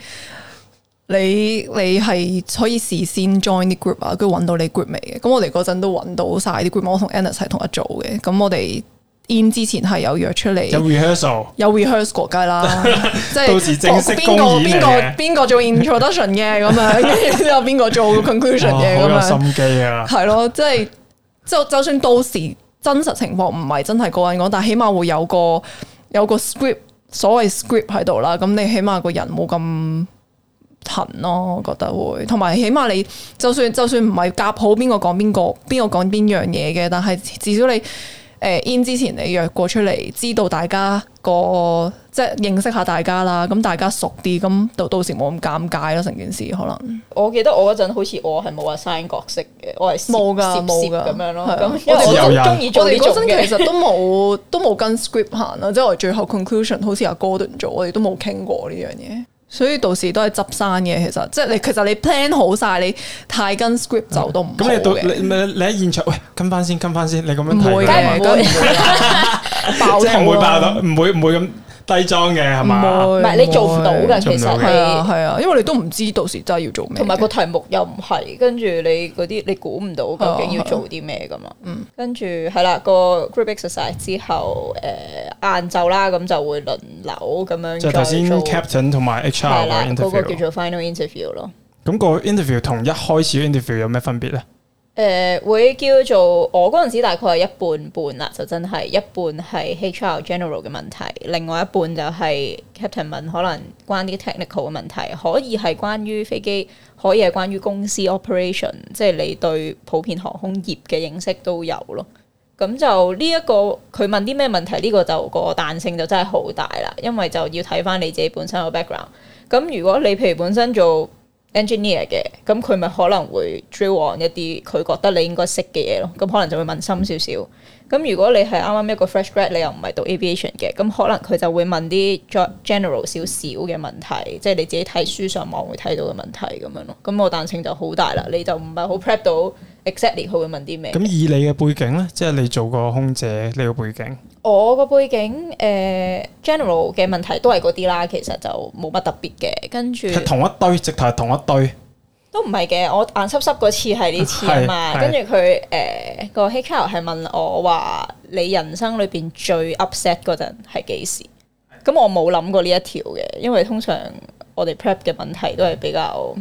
你，你係可以事先 join 啲 group 啊，跟住揾到你 group 未嘅？咁我哋嗰陣都揾到晒啲 group，我同 Annette 係同一組嘅，咁我哋。演之前係有約出嚟，有 rehearsal，有 rehearsal 國家啦， 即係 到時正式邊個邊個邊個做 introduction 嘅咁樣，之後邊個做 conclusion 嘅咁樣，心機啊，係咯，即係就就算到時真實情況唔係真係嗰個人講，但係起碼會有個有個 script，所謂 script 喺度啦，咁你起碼個人冇咁騰咯，我覺得會，同埋起碼你就算就算唔係夾好邊個講邊個，邊個講邊樣嘢嘅，但係至少你。誒 in 之前你約過出嚟，知道大家個即係認識下大家啦，咁大家熟啲，咁到到時冇咁尷尬咯，成件事可能。我記得我嗰陣好似我係冇 assign 角色嘅，我係冇噶冇噶咁樣咯。的因為我哋都中意做呢種嘅，我其實都冇都冇跟 script 行啦， 即我係最後 conclusion 好似阿 Gordon 做，我哋都冇傾過呢樣嘢。所以到時都係執生嘅，其實即係你，其實你 plan 好晒，嗯，你太跟 script 走都唔咁你到你你喺現場喂，跟翻先，跟翻先，你咁樣睇嘅都唔會爆唔會 爆炸唔會唔會咁。低裝嘅係嘛？唔係是吧你做唔到嘅，到其實係係啊，啊，因為你都唔知到時真係要做咩，同埋個題目又唔係，跟住你嗰啲你估唔到究竟要做啲咩噶嘛。啊啊、嗯，跟住係啦，個 group exercise 之後，誒晏晝啦，咁就會輪流咁樣。即係頭先 captain 同埋 HR 嗰個叫做 final interview 咯。咁個 interview 同一開始 interview 有咩分別咧？誒、呃、會叫做我嗰陣時大概係一半半啦，就真係一半係 HR general 嘅問題，另外一半就係 Captain 問可能關啲 technical 嘅問題，可以係關於飛機，可以係關於公司 operation，即係你對普遍航空業嘅認識都有咯。咁就呢、這、一個佢問啲咩問題，呢、這個就個彈性就真係好大啦，因為就要睇返你自己本身個 background。咁如果你譬如本身做 engineer 嘅，咁佢咪可能會 drill on 一啲佢覺得你應該識嘅嘢咯，咁可能就會問深少少。咁如果你係啱啱一個 fresh grad，你又唔係讀 aviation 嘅，咁可能佢就會問啲再 general 少少嘅問題，即係你自己睇書上網會睇到嘅問題咁樣咯。咁我彈性就好大啦，你就唔係好 prep 到 exactly 佢會問啲咩。咁以你嘅背景咧，即係你做過空姐呢個背景。我個背景，誒 general 嘅問題都係嗰啲啦，其實就冇乜特別嘅，跟住係同一堆，直頭係同一堆，都唔係嘅。我眼濕濕嗰次係呢次啊嘛，嗯、跟住佢誒個 Heiko 係問我話，你人生裏邊最 upset 嗰陣係幾時？咁我冇諗過呢一條嘅，因為通常我哋 prep 嘅問題都係比較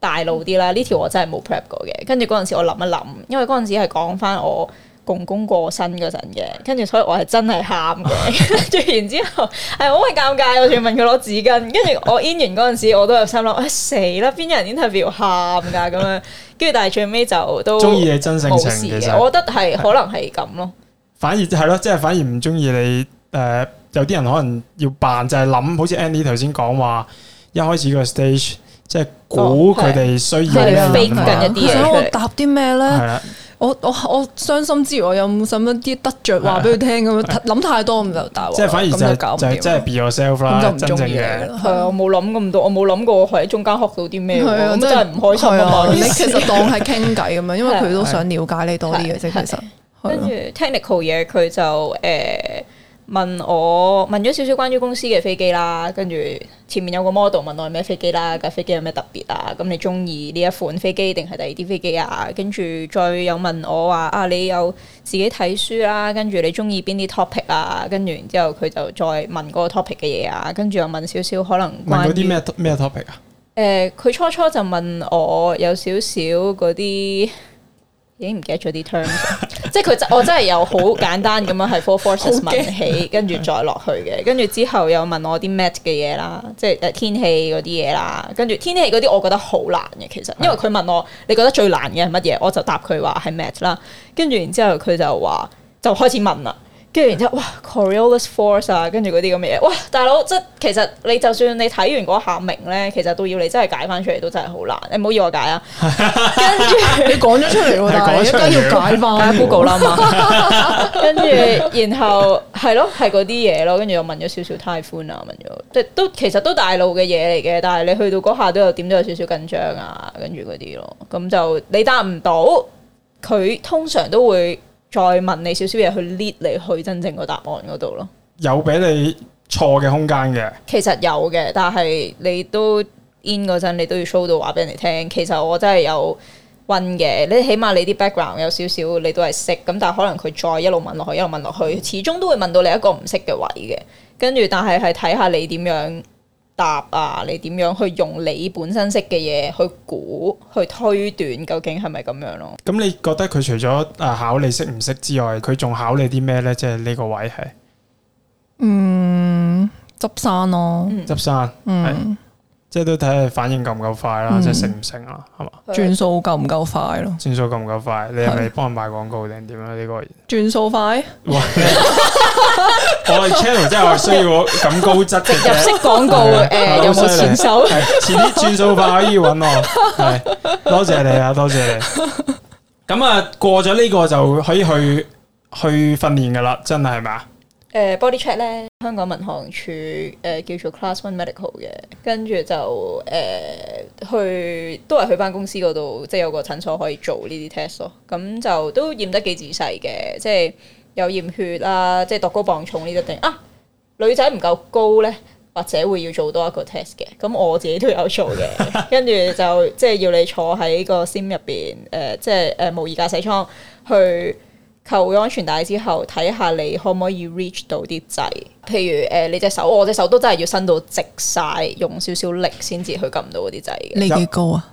大路啲啦。呢條、嗯、我真係冇 prep 過嘅，跟住嗰陣時我諗一諗，因為嗰陣時係講翻我公公過身嗰陣嘅，跟住所以我係真係喊嘅。跟住然之後係好鬼尷尬，我仲要問佢攞紙巾。跟住我 Interview 嗰陣時，我都有心諗，哎死啦，邊有人 Interview 喊噶咁樣？跟住但係最尾就都中意你真性情嘅。我覺得係可能係咁咯。反而係咯，即係、就是、反而唔中意你。誒，有啲人可能要扮就係、是、諗，好似 Andy 頭先講話，一開始個 stage 即係估佢哋需要背緊、哦、一啲嘢，答啲咩咧？我我我傷心之餘，我有冇使乜啲得着話俾佢聽咁樣，諗太多咁就大鑊咁就搞唔掂。即係 be yourself 啦，咁就唔中意嘅。係啊，我冇諗咁多，我冇諗過喺中間學到啲咩，我真係唔開心啊！你其實當係傾偈咁樣，因為佢都想了解你多啲嘅啫，其實。跟住 technical 嘢，佢就誒。問我問咗少少關於公司嘅飛機啦，跟住前面有個 model 問我咩飛機啦，架飛機有咩特別啊？咁你中意呢一款飛機定係第二啲飛機啊？跟住再有問我話啊，你有自己睇書啦，跟住你中意邊啲 topic 啊？跟住然之後佢就再問個 topic 嘅嘢啊，跟住又問少少可能問嗰啲咩咩 topic 啊？誒，佢、呃、初初就問我有少少嗰啲。已經唔記得咗啲 term，即係佢我真係有好簡單咁樣係 four forces 問起，跟住再落去嘅，跟住之後又問我啲 met 嘅嘢啦，即係誒天氣嗰啲嘢啦，跟住天氣嗰啲我覺得好難嘅其實，因為佢問我你覺得最難嘅係乜嘢，我就答佢話係 met 啦，跟住然之後佢就話就開始問啦。跟住然之後，哇，Coriolis force 啊，跟住嗰啲咁嘅嘢，哇，大佬，即係其實你就算你睇完嗰下明咧，其實都要你真係解翻出嚟都真係好難，你唔好要我解啊。跟住你講咗出嚟，我哋講出嚟，要解翻 Google 啦嘛。跟住然後係咯，係嗰啲嘢咯。跟住又問咗少少颱風啊，問咗即係都其實都大路嘅嘢嚟嘅，但係你去到嗰下都有點都有少少緊張啊，跟住嗰啲咯，咁就你答唔到，佢通常都會。再問你少少嘢去 lead 你去真正個答案嗰度咯，有俾你錯嘅空間嘅，其實有嘅，但係你都 in 嗰陣，你都要 show 到話俾人哋聽。其實我真係有問嘅，你起碼你啲 background 有少少，你都係識咁，但係可能佢再一路問落去，一路問落去，始終都會問到你一個唔識嘅位嘅，跟住但係係睇下你點樣。答啊，你點樣去用你本身識嘅嘢去估，去推斷究竟係咪咁樣咯？咁你覺得佢除咗誒考你識唔識之外，佢仲考你啲咩呢？即係呢個位係，嗯，執生咯，執生，嗯，即係都睇下反應夠唔夠快啦，即係成唔成啦，係嘛？轉數夠唔夠快咯？轉數夠唔夠快？你係咪幫人賣廣告定點樣？呢個轉數快？我係 channel，即係我需要咁高質嘅 入息廣告誒，對呃、有冇前手？前啲轉數快可以揾我，係 多謝你啊，多謝你！咁啊， 過咗呢個就可以去去訓練噶啦，真係係嘛？誒、呃、body check 咧，香港民航處誒、呃、叫做 class one medical 嘅，跟住就誒、呃、去都係去翻公司嗰度，即、就、係、是、有個診所可以做呢啲 test 咯，咁就都驗得幾仔細嘅，即係。有驗血啊，即係度高磅重呢？一定啊，女仔唔夠高咧，或者會要做多一個 test 嘅。咁我自己都有做嘅，跟住 就即係要你坐喺個 sim 入邊，誒、呃，即係誒、呃、模擬駕駛艙，去扣安全帶之後，睇下你可唔可以 reach 到啲掣。譬如誒、呃，你隻手，我隻手都真係要伸到直晒，用少少力先至去撳到嗰啲掣。你幾高啊？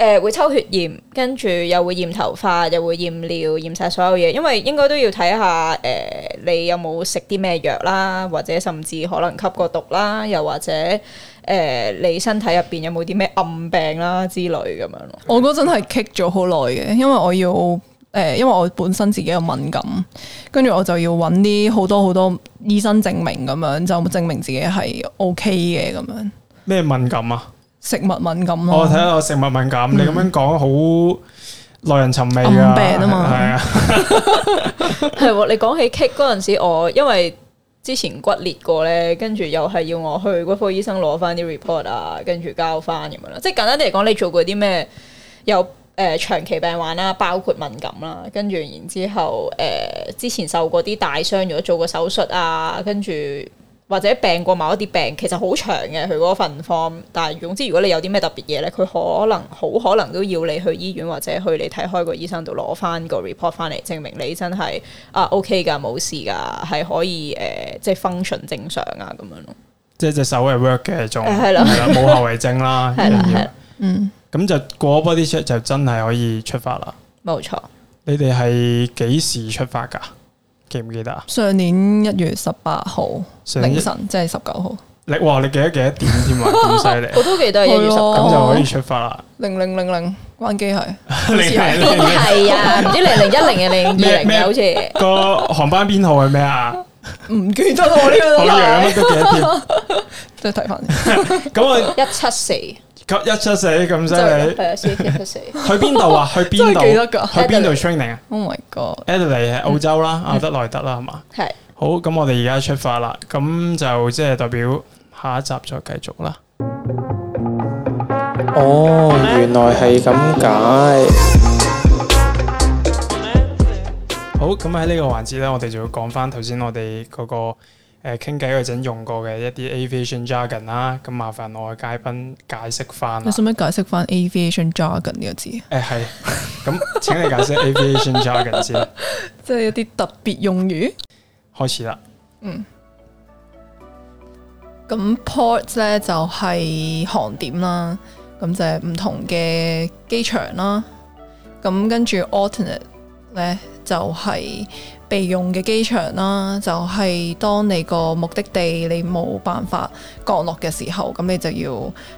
誒、呃、會抽血驗，跟住又會驗頭髮，又會驗尿，驗晒所有嘢，因為應該都要睇下誒、呃、你有冇食啲咩藥啦，或者甚至可能吸過毒啦，又或者誒、呃、你身體入邊有冇啲咩暗病啦之類咁樣咯。我嗰陣係棘咗好耐嘅，因為我要誒、呃，因為我本身自己有敏感，跟住我就要揾啲好多好多醫生證明咁樣，就證明自己係 OK 嘅咁樣。咩敏感啊？食物敏感咯、啊，我睇下我食物敏感，嗯、你咁樣講好耐人尋味啊！病啊嘛，係啊，係喎！你講起棘嗰陣時，我因為之前骨裂過咧，跟住又係要我去骨科醫生攞翻啲 report 啊，跟住交翻咁樣啦。即係簡單嚟講，你做過啲咩？有誒，長期病患啦，包括敏感啦，跟住然之後誒，之前受過啲大傷，如果做過手術啊，跟住。或者病過某一啲病，其實好長嘅佢嗰份 form。但係總之，如果你有啲咩特別嘢咧，佢可能好可能都要你去醫院或者去你睇開個醫生度攞翻個 report 翻嚟，證明你真係啊 OK 噶，冇事噶，係可以誒、呃，即係 function 正常啊咁樣咯。即係隻手係 work 嘅，仲係咯，係啦，冇後遺症啦，係啦 嗯，咁就過咗 body check 就真係可以出發啦。冇錯，你哋係幾時出發噶？記唔記得啊？上年一月十八號凌晨，即係十九號。你哇，你記得幾多點添 啊？咁犀利！我都記得係一月十九，咁就可以出發啦。零零零零關機係，係啊，唔知零零一零一零咩好似。個航班編號係咩啊？唔記得我呢個啦。 都睇翻你，咁我一七四，一七四咁犀利，係啊，四一七四，去邊度啊？去邊度？幾多噶？去邊度 training 啊？Oh my god！Adelaide 係澳洲啦，阿德萊德啦，係嘛？係。好，咁我哋而家出發啦，咁就即係代表下一集再繼續啦。哦，原來係咁解。好，咁喺呢個環節咧，我哋就要講翻頭先我哋嗰個。誒傾偈嗰陣用過嘅一啲 aviation jargon 啦，咁麻煩我嘅嘉賓解釋翻啊！你使唔使解釋翻 aviation jargon 呢個字？誒係，咁請你解釋 aviation jargon 先。即係一啲特別用語。開始啦。嗯。咁 ports 咧就係、是、航點啦，咁就係唔同嘅機場啦。咁跟住 alternate 咧就係、是。備用嘅機場啦，就係、是、當你個目的地你冇辦法降落嘅時候，咁你就要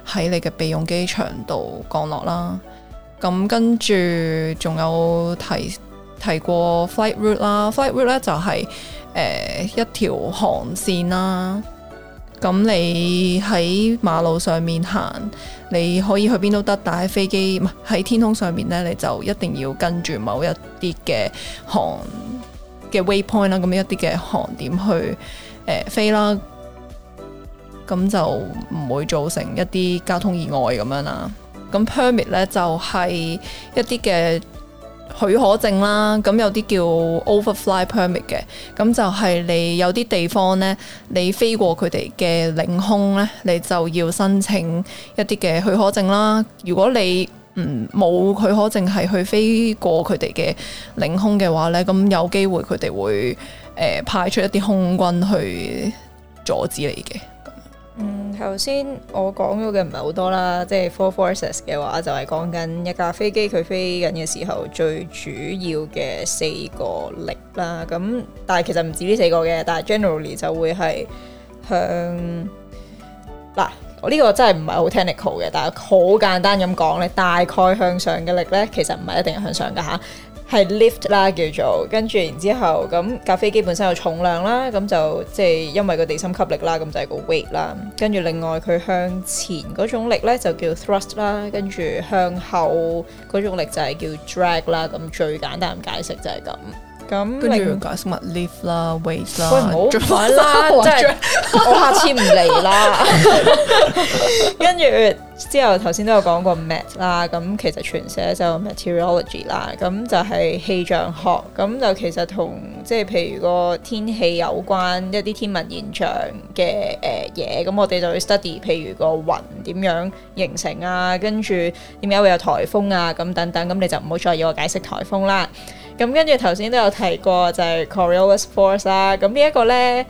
喺你嘅備用機場度降落啦。咁跟住仲有提提過 flight route 啦，flight route 咧就係、是、誒、呃、一條航線啦。咁你喺馬路上面行，你可以去邊都得，但喺飛機唔係喺天空上面咧，你就一定要跟住某一啲嘅航嘅 waypoint 啦，咁一啲嘅航點去，誒、呃、飛啦，咁就唔會造成一啲交通意外咁樣啦。咁 permit 咧就係、是、一啲嘅許可證啦，咁有啲叫 overfly permit 嘅，咁就係你有啲地方咧，你飛過佢哋嘅領空咧，你就要申請一啲嘅許可證啦。如果你嗯，冇許可淨係去飛過佢哋嘅領空嘅話呢，咁有機會佢哋會誒派出一啲空軍去阻止你嘅。嗯，頭先我講咗嘅唔係好多啦，即係 Four Forces 嘅話就係講緊一架飛機佢飛緊嘅時候最主要嘅四個力啦。咁但係其實唔止呢四個嘅，但係 generally 就會係向嗱。啊呢個真係唔係好 technical 嘅，但係好簡單咁講咧，大概向上嘅力咧，其實唔係一定係向上嘅吓，係、啊、lift 啦叫做，跟住然之後咁架飛機本身有重量啦，咁就即係因為個地心吸力啦，咁就係個 weight 啦，跟住另外佢向前嗰種力咧就叫 thrust 啦，跟住向後嗰種力就係叫 drag 啦，咁最簡單咁解釋就係咁。咁跟住解釋乜 live 啦，wait 啦，唔好著反啦，即係我下次唔嚟啦。 跟住之後頭先都有講過 met 啦，咁其實全寫就 meteorology 啦，咁就係氣象學，咁就其實同即係譬如個天氣有關一啲天文現象嘅誒嘢，咁我哋就去 study，譬如個雲點樣形成啊，跟住點解會有颱風啊，咁等等，咁你就唔好再要我解釋颱風啦。咁跟住頭先都有提過就係、是、Coriolis force 啦、啊，咁、這個、呢一個呢，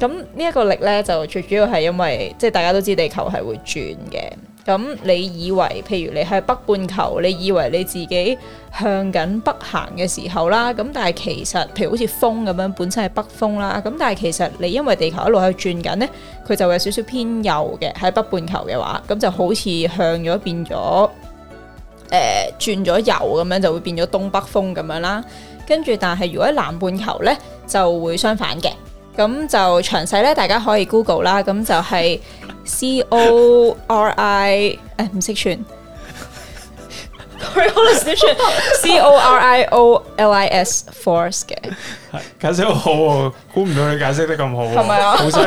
咁呢一個力呢就最主要係因為即係大家都知地球係會轉嘅，咁、嗯、你以為譬如你喺北半球，你以為你自己向緊北行嘅時候啦，咁、嗯、但係其實譬如好似風咁樣本身係北風啦，咁但係其實你因為地球一路喺度轉緊呢，佢就會有少少偏右嘅，喺北半球嘅話，咁、嗯、就好似向咗變咗。誒、呃、轉咗右咁樣就會變咗東北風咁樣啦，跟住但係如果喺南半球呢，就會相反嘅，咁就詳細呢，大家可以 Google 啦，咁就係 C O R I，誒唔識串。Coriolis force 嘅解釋好，估唔到你解釋得咁好，係咪啊？好犀利！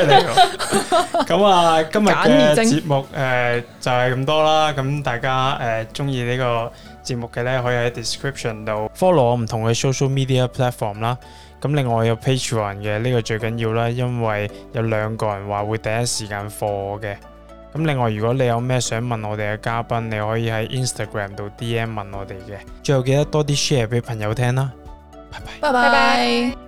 咁啊，今日嘅節目誒就係咁多啦。咁大家誒中意呢個節目嘅咧，可以喺 description 度 follow 我唔同嘅 social media platform 啦。咁另外有 patron 嘅呢個最緊要啦，因為有兩個人話會第一時間課我嘅。咁另外，如果你有咩想問我哋嘅嘉賓，你可以喺 Instagram 度 DM 問我哋嘅。最後記得多啲 share 俾朋友聽啦。拜拜拜拜。